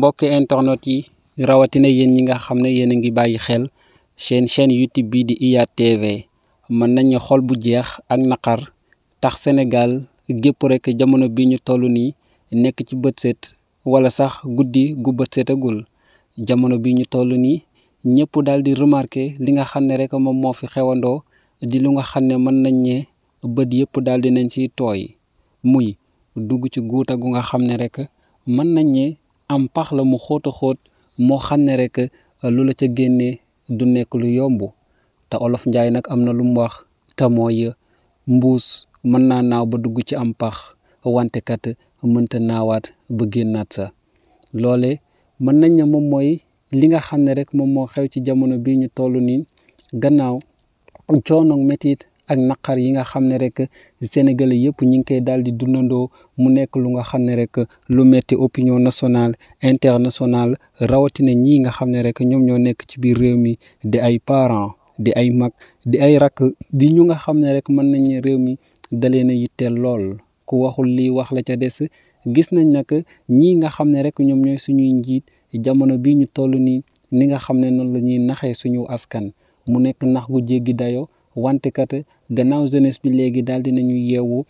mbokk internet yi rawatina yéen ñi nga xam ne yéen a ngi bàyyi xel seen chaîne YouTube bii di IYAT TV mën nañu xol bu jeex ak naqar tax Sénégal gépp rek jamono bi ñu toll nii nekk ci bët set wala sax guddi gu jamono bi ñu toll nii ñëpp daal di remarqué li nga xam ne rek moom moo fi xewandoo di lu nga xam ne mën nañ ne bët yëpp daal di nañ ci tooy muy dugg ci guuta gu nga xam ne rek mën nañ ne am pax la mu xóot xóot moo xam ne rek lu la ca génnee du nekk lu yomb te olof njaay nag am na lu mu wax te mooy mbuus mën naa naaw ba dugg ci am pax wante kat mënta naawaat ba génnaat sa loole mën nañ na moom mooy li nga xam ne rek moom moo xew ci jamono bii ñu toll nii gannaaw coono metit ak naqar yi nga xam ne rek sénégalais yëpp ñi ngi koy daal di dundandoo mu nekk lu nga xam ne rek lu metti opinion nationale internationale rawatina ñii nga xam ne rek ñoom ñoo nekk ci biir réew mi di ay parents di ay mag di ay rakk di ñu nga xam ne rek mën nañu réew mi dalee na yitteel lool ku waxul lii wax la ca des gis nañ nag ñii nga xam ne rek ñoom ñooy suñuy njiit jamono bii ñu toll nii ni nga xam ne noonu la ñuy naxee suñu askan mu nekk nax gu jéggi dayoo wante kat gannaaw jeunesse bi léegi daal di nañu yeewu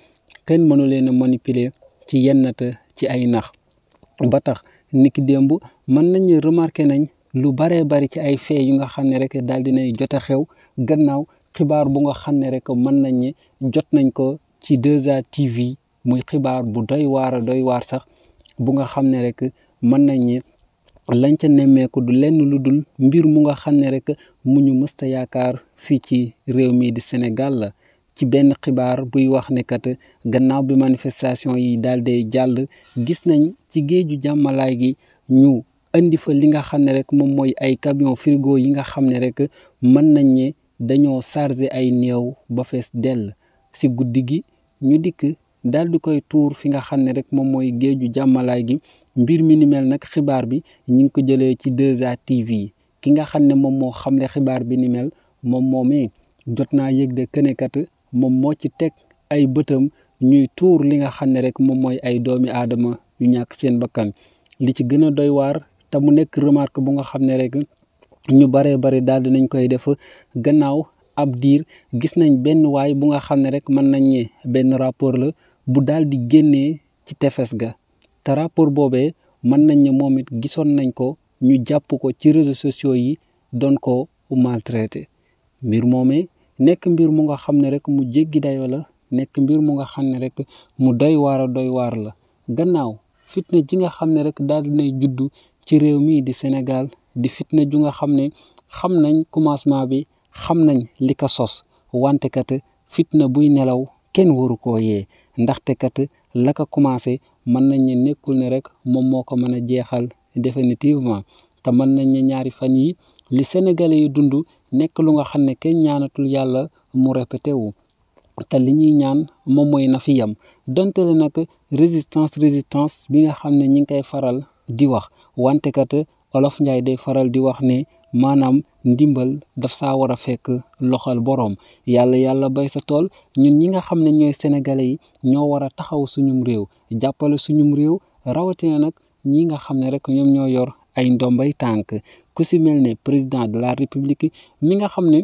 kenn mënu leen a manipuler ci yennata ci ay nax ba tax niki démb mën nañu remarqué nañ lu baree bari ci ay fee yu nga xam ne rek daal di nay jot a xew gannaaw xibaar bu nga xam ne rek mën nañ ne jot nañ ko ci 2A TV muy xibaar bu doy waar doy waar sax bu nga xam ne rek mën nañ ne nemmeeku du lenn lu dul mbir mu nga xam ne rek mu ñu mësta yaakaar fii ci réew mii di Sénégal la ci benn xibaar buy wax ne kat gannaaw bi manifestation yi daal di jàll gis nañ ci géeju jàmmalaay gi ñu indi fa li nga xam ne rek moom mooy ay cabion frigo yi nga xam ne rek mën nañ dañoo chargé ay néew ba fees dell si ñu dikk daal di koy tuur fi nga xam ne rek moom mooy géeju jàmmalaay gi mbir mi ni mel nag xibaar bi ñu ngi ko jëlee ci 2A yi ki nga xam ne moom moo xam ne xibaar bi ni mel moom moomee jot naa yëg de kenekat moom moo ci teg ay bëtam ñuy tuur li nga xam ne rek moom mooy ay doomi aadama yu ñàkk seen bakkan li ci gën a doy waar te mu nekk remarque bu nga xam ne rek ñu baree bari daal nañ koy def gannaaw ab diir gis nañ benn waay bu nga xam ne rek mën nañ ñee benn rapport la bu daal di génnee ci tefes ga te rapport boobee mën nañ ne moom it gisoon nañ ko ñu jàpp ko ci réseau sociaux yi doon ko maltraité mbir moomee nekk mbir mu nga xam ne rek mu jéggi dayoo la nekk mbir mu nga xam ne rek mu doy waar a doy waar la gannaaw fitna ji nga xam ne rek daal nay juddu ci réew mii di Sénégal di fitna ju nga xam ne xam nañ commencement bi xam nañ li ko sos wante kat fitna buy nelaw kenn waru ko yee ndaxte kat la ko commencé mën nañ ne nekkul ne rek moom moo ko mën a jeexal définitivement te mën nañ ne ñaari fan yi li Sénégalais yi dund nekk lu nga xam ne kenn ñaanatul yàlla mu répété wu te li ñuy ñaan moom mooy na fi yem donte nag résistance résistance bi nga xam ne ñi ngi koy faral di wax wante kat Olof Njaay day faral di wax ne maanaam ndimbal daf saa war a fekk loxal boroom yàlla yàlla bay sa tool ñun ñi nga xam ne ñooy sénégalais yi ñoo war a taxaw suñum réew jàppale suñum réew rawatina nag ñi nga xam ne rek ñoom ñoo yor ay ndombay tànk ku si mel ne président de la république mi nga xam ne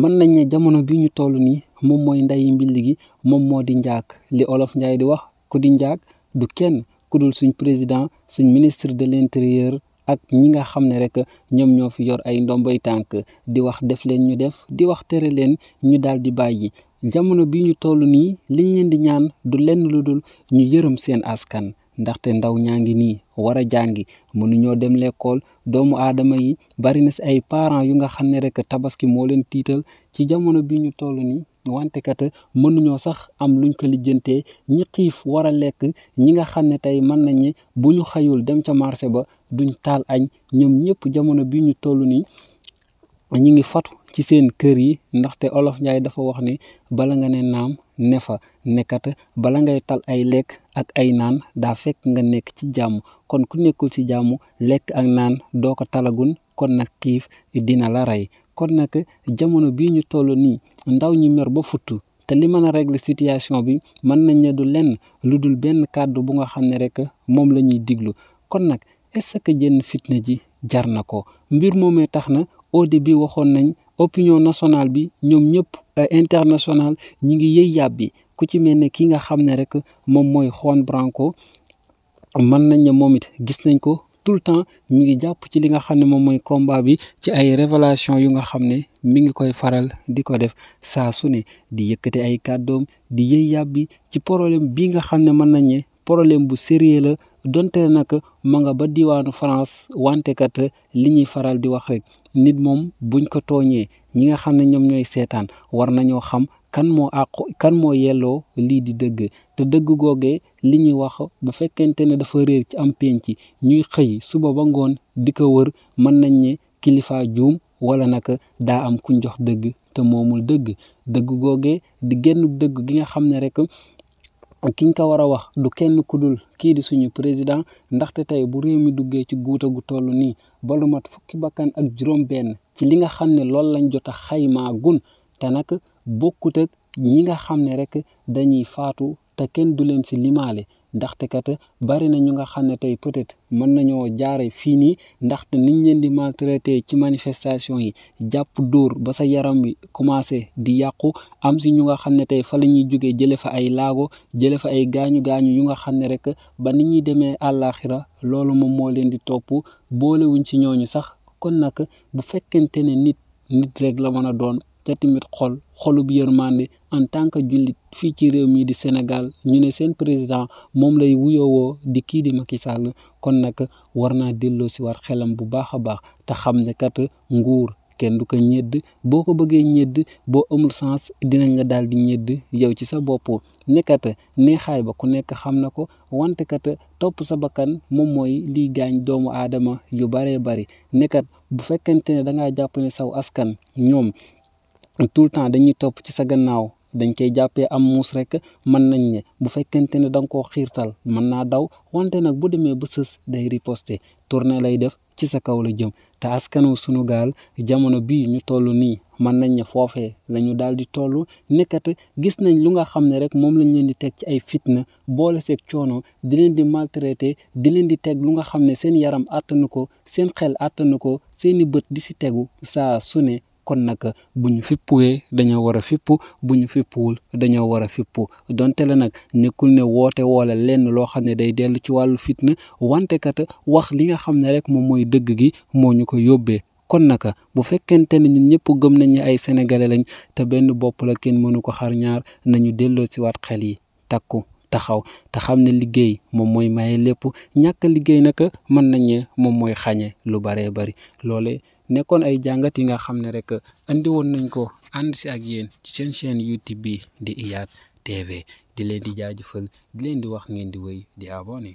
mën nañ ne jamono bi ñu toll nii moom mooy ndeyi mbill gi moom moo di njaag li olof njaay di wax ku di njaag du kenn ku dul suñ président suñ ministre de l'intérieur ak ñi nga xam ne rek ñoom ñoo fi yor ay ndombay tànk di wax def leen ñu def di wax tere leen ñu daal di bàyyi jamono bi ñu toll nii liñ leen di ñaan du lenn lu dul ñu yërëm seen askan ndaxte ndaw ñaa ngi nii war a jàngi mënuñoo dem lekkool doomu aadama yi bari na si ay parent yu nga xam ne rek tabaski moo leen tiital ci jamono bi ñu toll nii wante kat mënuñoo sax am luñ ko lijjantee ñi xiif war a lekk ñi nga xam ne tey mën nañu bu ñu xëyul dem ca marché ba duñ taal añ ñoom ñëpp jamono bi ñu toll nii ñu ngi fatu ci seen kër yi ndaxte olof Njaay dafa wax ni bala nga ne naam nefa fa nekkat bala ngay tal ay lekk ak ay naan daa fekk nga nekk ci jàmm kon ku nekkul ci jàmm lekk ak naan doo ko talagun kon nag kiif dina la rey kon nag jamono bii ñu toll nii ndaw ñi mer ba futt te li mën a reglu situation bi mën nañ ne du lenn lu dul benn kàddu bu nga xam ne rek moom la ñuy diglu kon nag est-ce que jënn fitna ji jar na ko mbir moomee tax na au début waxoon nañ opinion nationale bi ñoom ñëpp euh, internationale ñi ngi yëy yàbbi ku ci mel ne ki nga xam ne rek moom mooy Juan Branco mën nañ ne moom it gis nañ ko tout le temps ñu ngi jàpp ci li nga xam ne moom mooy combat bi ci ay révélation yu nga xam ne mi ngi koy faral di ko def saa su ne di yëkkati ay kàddoom di yëy yàbbi ci problème bi nga xam ne mën nañ ne problème bu sérieux la donte nag mu nga ba diwaanu France wante kat li ñuy faral di wax rek nit moom buñ ko tooñee ñi nga xam ne ñoom ñooy seetaan war nañoo xam kan moo àqu kan moo yelloo lii di dëgg te dëgg googe li ñuy wax bu fekkente ne dafa réer ci am penc ñuy xëy suba ba ngoon di ko wër mën nañ ne kilifa juum wala nag daa am kuñ jox dëgg te moomul dëgg dëgg googe di génn dëgg gi nga xam ne rekk kiñ ko war a wax du kenn ku dul kii di suñu président ndaxte tey bu réew mi duggee ci guuta gu toll nii ba lu mat fukki bakkan ak juróom-benn ci li nga xam ne loolu lañ jot a xaymaa gun te nag bokkut ñi nga xam ne rek dañuy faatu te kenn du leen si limaale ndaxte kat bari na ñu nga xam ne tey peut-être mën nañoo jaare fii nii ndaxte niñ leen di maltraité ci manifestation yi jàpp dóor ba sa yaram wi commencé di yàqu am si ñu nga xam ne tey fa la ñuy jógee jële fa ay laago jële fa ay gaañu-gaañu yu nga xam ne rek ba ni ñuy demee àllaaxira loolu moom moo leen di topp boolewuñ si ñooñu sax kon nag bu fekkente ne nit nit rek la mën a doon te tamit xol xolub yërmande en tant que jullit fii ci réew mii di Sénégal ñu ne seen président moom lay woo di kii di Macky Sall kon nag war naa delloo si war xelam bu baax a baax te xam ne kat nguur kenn du ko ñëdd boo ko bëggee ñëdd boo amul sens dinañ la daal di ñëdd yow ci sa bopp nekkat neexaay ba ku nekk xam na ko wante kat topp sa bakkan moom mooy liy gaañ doomu aadama yu baree bari nekkat bu fekkente ne da ngaa jàpp ne saw askan ñoom tout le temps dañuy topp ci sa gannaaw dañ koy jàppee am muus rek mën nañ ne bu fekkente ne da nga koo xiirtal mën naa daw wante nag bu demee ba sës day riposte tourné lay def ci sa kaw la jëm te askanu sunu gaal jamono bii ñu toll nii mën nañ ne foofee la ñu daal di toll nekkat gis nañ lu nga xam ne rek moom lañ leen di teg ci ay fitna boole seeg coono di leen di maltraité di leen di teg lu nga xam ne seen yaram àttanu ko seen xel àttanu ko seeni bët di si tegu saa su ne kon nag bu ñu fippuwee dañoo war a fippu bu ñu fippuwul dañoo war a fippu donte la nag nekkul ne woote wala lenn loo xam ne day dellu ci wàllu fitna wante kat wax li nga xam ne rek moom mooy dëgg gi moo ñu ko yóbbee. kon naka bu fekkente ne ñun ñëpp gëm nañ ne ay sénégalais lañ te benn bopp la kenn mënu ko xarñaar nañu delloo si waat xel yi takku taxaw te xam ne liggéey moom mooy maye lépp ñàkk liggéey nag mën nañ moom mooy xañe lu bëree bari loole nekkoon ay jàngat yi nga xam ne rek andi woon nañ ko ànd si ak yéen ci seen yu YouTube bi di IYAT TV di leen di jaajëfal di leen di wax ngeen di wéy di abonné